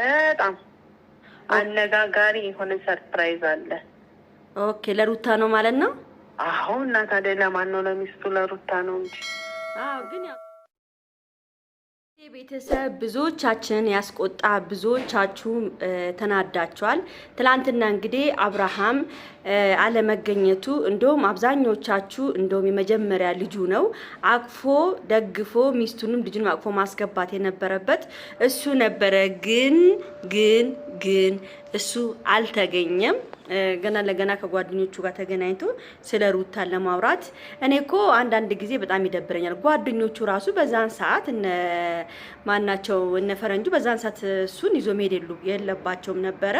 በጣም አነጋጋሪ የሆነ ሰርፕራይዝ አለ። ኦኬ ለሩታ ነው ማለት ነው? አሁን እና ታዲያ ለማን ነው? ለሚስቱ ለሩታ ነው እንጂ ግን ቤተሰብ ብዙዎቻችን ያስቆጣ ብዙዎቻችሁ ተናዳችኋል። ትላንትና እንግዲህ አብርሃም አለመገኘቱ እንደውም አብዛኞቻችሁ እንደውም የመጀመሪያ ልጁ ነው አቅፎ ደግፎ ሚስቱንም ልጁን አቅፎ ማስገባት የነበረበት እሱ ነበረ። ግን ግን ግን እሱ አልተገኘም። ገና ለገና ከጓደኞቹ ጋር ተገናኝቶ ስለ ሩታን ለማውራት እኔ እኮ አንዳንድ ጊዜ በጣም ይደብረኛል። ጓደኞቹ ራሱ በዛን ሰዓት እነ ማናቸው እነ ፈረንጁ በዛን ሰዓት እሱን ይዞ መሄድ የለባቸውም ነበረ።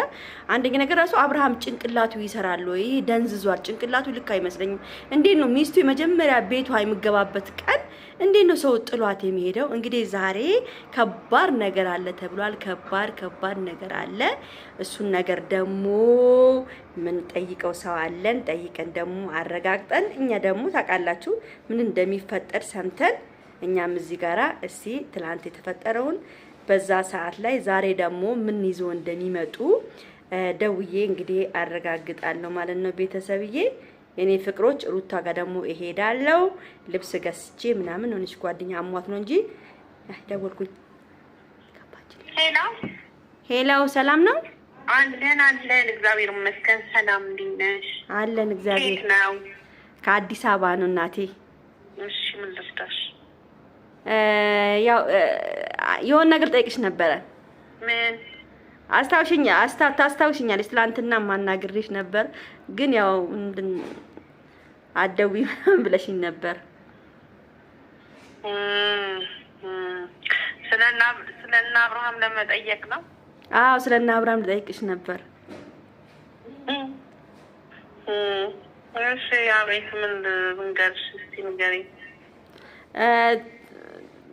አንደኛ ነገር ራሱ አብርሃም ጭንቅላቱ ይሰራሉ፣ ወይ ደንዝዟል። ጭንቅላቱ ልክ አይመስለኝም። እንዴት ነው ሚስቱ የመጀመሪያ ቤቷ የሚገባበት ቀን እንዴት ነው ሰው ጥሏት የሚሄደው? እንግዲህ ዛሬ ከባድ ነገር አለ ተብሏል። ከባድ ከባድ ነገር አለ። እሱን ነገር ደግሞ ጠይቀው ሰው አለን። ጠይቀን ደግሞ አረጋግጠን እኛ ደግሞ ታውቃላችሁ ምን እንደሚፈጠር ሰምተን እኛም እዚህ ጋራ እስቲ ትላንት የተፈጠረውን በዛ ሰዓት ላይ ዛሬ ደግሞ ምን ይዞ እንደሚመጡ ደውዬ እንግዲህ አረጋግጣለሁ ማለት ነው ቤተሰብዬ የኔ ፍቅሮች ሩታ ጋር ደግሞ እሄዳለሁ። ልብስ ገዝቼ ምናምን ሆነች ጓደኛ አሟት ነው እንጂ ደወልኩኝ። ሄላው ሰላም ነው? አለን አለን፣ እግዚአብሔር ይመስገን። ሰላም እንዴት ነሽ? አለን እግዚአብሔር ነው። ከአዲስ አበባ ነው እናቴ። እሺ፣ ምን ልፍታሽ? ያው የሆነ ነገር ጠይቅሽ ነበረ። ምን አስታውሽኛ አስታ ታስታውሽኛለሽ። ትላንትና ማናግሬሽ ነበር፣ ግን ያው አትደውይ ብለሽኝ ነበር። ስለና ስለና አብርሃም ለመጠየቅ ነው። አዎ ስለና አብርሃም ልጠይቅሽ ነበር። እሺ አቤት፣ ምን ልንገርሽ? እስቲ ንገሪኝ።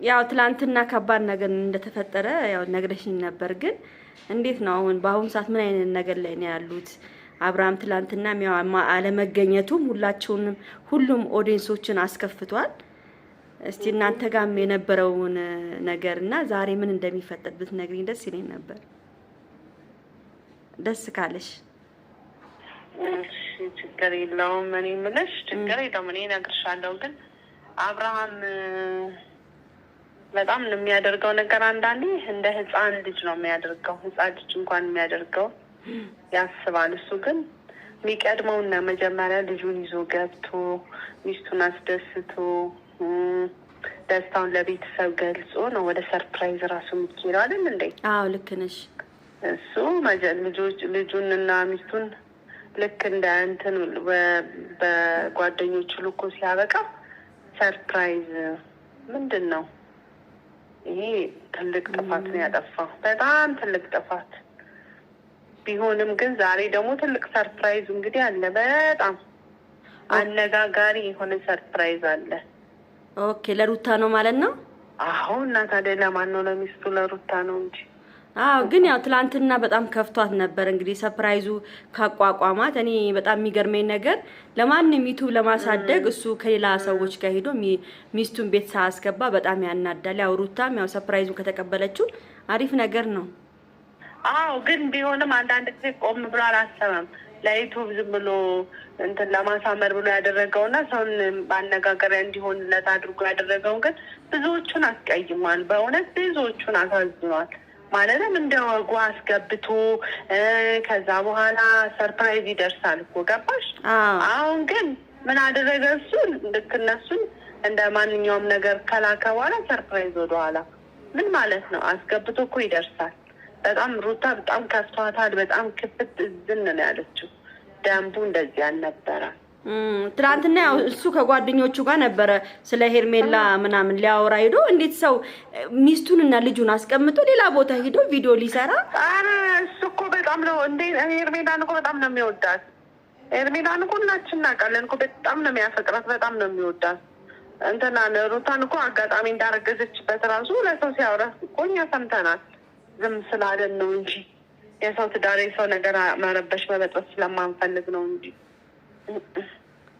ያው ትላንትና ከባድ ነገር እንደተፈጠረ ያው ነግረሽኝ ነበር ግን እንዴት ነው አሁን በአሁኑ ሰዓት ምን አይነት ነገር ላይ ነው ያሉት? አብርሃም ትላንትና አለመገኘቱም ሁላችሁንም ሁሉም ኦዲየንሶችን አስከፍቷል። እስቲ እናንተ ጋም የነበረውን ነገር እና ዛሬ ምን እንደሚፈጠር ብትነግሪኝ ደስ ይለኝ ነበር። ደስ ካለሽ ችግር የለውም። እኔ የምልሽ ችግር የለውም። እኔ እነግርሻለሁ ግን አብርሃም በጣም ነው የሚያደርገው ነገር። አንዳንዴ እንደ ህፃን ልጅ ነው የሚያደርገው። ህፃን ልጅ እንኳን የሚያደርገው ያስባል። እሱ ግን የሚቀድመውና መጀመሪያ ልጁን ይዞ ገብቶ ሚስቱን አስደስቶ ደስታውን ለቤተሰብ ገልጾ ነው ወደ ሰርፕራይዝ ራሱ የምትሄደው አይደል እንዴ? አዎ ልክ ነሽ። እሱ እና ሚስቱን ልክ እንደ እንትን በጓደኞቹ ልኮ ሲያበቃ ሰርፕራይዝ ምንድን ነው ይሄ ትልቅ ጥፋት ነው ያጠፋው፣ በጣም ትልቅ ጥፋት ቢሆንም ግን ዛሬ ደግሞ ትልቅ ሰርፕራይዙ እንግዲህ አለ። በጣም አነጋጋሪ የሆነ ሰርፕራይዝ አለ። ኦኬ፣ ለሩታ ነው ማለት ነው። አሁን እና ታዲያ ለማን ነው? ለሚስቱ ለሩታ ነው እንጂ አዎ ግን ያው ትላንትና በጣም ከፍቷት ነበር። እንግዲህ ሰፕራይዙ ካቋቋማት እኔ በጣም የሚገርመኝ ነገር ለማንም ዩቱብ ለማሳደግ እሱ ከሌላ ሰዎች ጋር ሄዶ ሚስቱን ቤት ሳያስገባ በጣም ያናዳል። ያው ሩታም ያው ሰፕራይዙ ከተቀበለችው አሪፍ ነገር ነው። አዎ ግን ቢሆንም አንዳንድ ጊዜ ቆም ብሎ አላሰበም። ለዩቱብ ዝም ብሎ እንትን ለማሳመር ብሎ ያደረገውና ሰውን በአነጋገሪያ እንዲሆንለት አድርጎ ያደረገውን ግን ብዙዎቹን አስቀይሟል። በእውነት ብዙዎቹን አሳዝኗል። ማለትም እንደ ወጉ አስገብቶ ከዛ በኋላ ሰርፕራይዝ ይደርሳል እኮ ገባሽ? አሁን ግን ምን አደረገ እሱ ልክ እነሱን እንደ ማንኛውም ነገር ከላከ በኋላ ሰርፕራይዝ ወደኋላ ምን ማለት ነው? አስገብቶ እኮ ይደርሳል። በጣም ሩታ በጣም ከፍቷታል። በጣም ክፍት ዝን ነው ያለችው። ደንቡ እንደዚህ አልነበረም። ትናንትና ያው እሱ ከጓደኞቹ ጋር ነበረ ስለ ሄርሜላ ምናምን ሊያወራ ሄዶ፣ እንዴት ሰው ሚስቱንና ልጁን አስቀምጦ ሌላ ቦታ ሄዶ ቪዲዮ ሊሰራ? እሱ እኮ በጣም ነው እንዴ! ሄርሜላን እኮ በጣም ነው የሚወዳት። ሄርሜላን እኮ እናችን እናውቃለን እኮ በጣም ነው የሚያፈቅራት፣ በጣም ነው የሚወዳት። እንትና ሩታን እኮ አጋጣሚ እንዳረገዘችበት ራሱ ለሰው ሲያወራ እኮ እኛ ሰምተናል። ዝም ስላለን ነው እንጂ የሰው ትዳር የሰው ነገር መረበሽ መበጠስ ስለማንፈልግ ነው እንጂ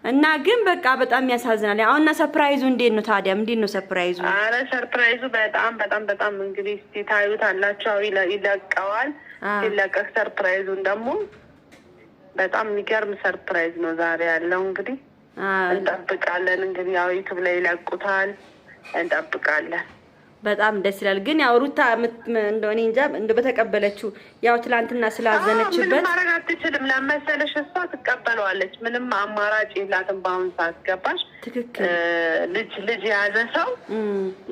እና ግን በቃ በጣም ያሳዝናል። አሁን እና ሰርፕራይዙ እንዴት ነው ታዲያ? እንዴት ነው ሰርፕራይዙ? አረ ሰርፕራይዙ በጣም በጣም በጣም እንግዲህ እስኪ ታዩት አላቸው። ይለቀዋል። ሲለቀቅ ሰርፕራይዙን ደግሞ በጣም የሚገርም ሰርፕራይዝ ነው ዛሬ ያለው። እንግዲህ እንጠብቃለን። እንግዲህ ያው ዩቱብ ላይ ይለቁታል። እንጠብቃለን። በጣም ደስ ይላል። ግን ያው ሩታ እንደሆነ እንጃ እንደ በተቀበለችው ያው ትላንትና ስላዘነችበት አትችልም ለመሰለሽ እሷ ትቀበለዋለች። ምንም አማራጭ የላትም በአሁን ሰዓት ገባሽ? ልጅ ልጅ የያዘ ሰው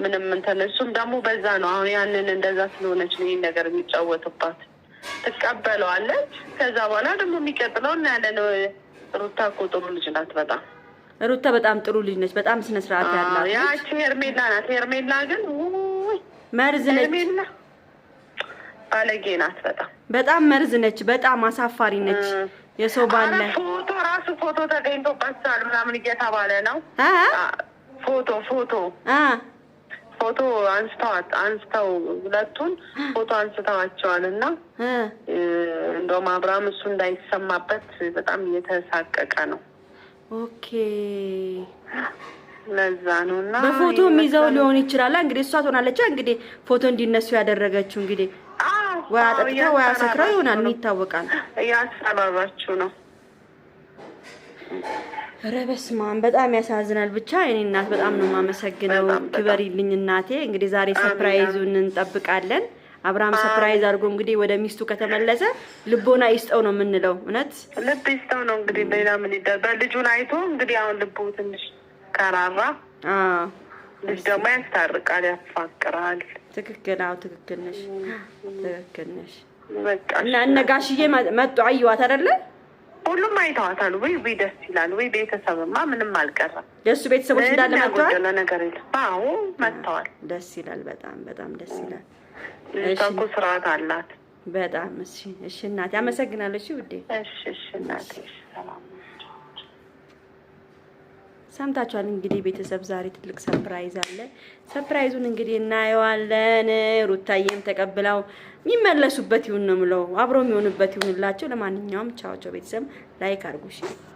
ምንም እንትን እሱም ደግሞ በዛ ነው አሁን ያንን እንደዛ ስለሆነች ነው ይህ ነገር የሚጫወትባት ትቀበለዋለች። ከዛ በኋላ ደግሞ የሚቀጥለው እናያለን። ሩታ እኮ ጥሩ ልጅ ናት በጣም ሩታ በጣም ጥሩ ልጅ ነች። በጣም ስነስርዓት ያላት ያቺ ሄርሜላ ናት። ሄርሜላ ግን መርዝ ነች። ባለጌ ናት። በጣም በጣም መርዝ ነች። በጣም አሳፋሪ ነች። የሰው ባለ ፎቶ ራሱ ፎቶ ተገኝቶባታል ምናምን እየተባለ ነው። ፎቶ ፎቶ ፎቶ አንስተዋት አንስተው ሁለቱን ፎቶ አንስተዋቸዋል እና እንደውም አብርሃም እሱ እንዳይሰማበት በጣም እየተሳቀቀ ነው። ኦኬ ለዛ ነው እና በፎቶ የሚይዘው ሊሆን ይችላል እንግዲህ እሷ ትሆናለች እንግዲህ ፎቶ እንዲነሱ ያደረገችው እንግዲህ ወይ አጠጥተው ወይ አሰክረው ይሆናል ይታወቃል። እያሰራራችሁ ነው። ረበስ ማን በጣም ያሳዝናል። ብቻ የኔ እናት በጣም ነው የማመሰግነው። ክበሪልኝ እናቴ። እንግዲህ ዛሬ ሰፕራይዙን እንጠብቃለን። አብርሃም ሰፕራይዝ አድርጎ እንግዲህ ወደ ሚስቱ ከተመለሰ ልቦና ይስጠው ነው የምንለው። እውነት ልብ ይስጠው ነው እንግዲህ ሌላ ምን ይደረጋል? በልጁን አይቶ እንግዲህ አሁን ልቡ ትንሽ ከራራ ልጅ ደግሞ ያስታርቃል፣ ያፋቅራል። ትክክል። አዎ ትክክል ነሽ፣ ትክክል ነሽ። እና እነ ጋሽዬ መጡ አየዋት አይደለ? ሁሉም አይተዋታል። ወይ ወይ ደስ ይላል። ወይ ቤተሰብማ ምንም አልቀረም። የእሱ ቤተሰቦች እንዳለ መጥተዋል። ነገር የለም። አዎ መጥተዋል። ደስ ይላል። በጣም በጣም ደስ ይላል። ታኮ ስርዓት አላት በጣም። እሺ፣ እሺ እናቴ አመሰግናለሁ። እሺ ውዴ፣ እሺ፣ እሺ እናቴ ሰላም ሰምታችኋል እንግዲህ ቤተሰብ ዛሬ ትልቅ ሰርፕራይዝ አለ። ሰርፕራይዙን እንግዲህ እናየዋለን። ሩታዬም ተቀብለው የሚመለሱበት ይሁን ነው ምለው አብሮ የሚሆንበት ይሁንላቸው። ለማንኛውም ቻው ቻው ቤተሰብ ላይክ አድርጉ።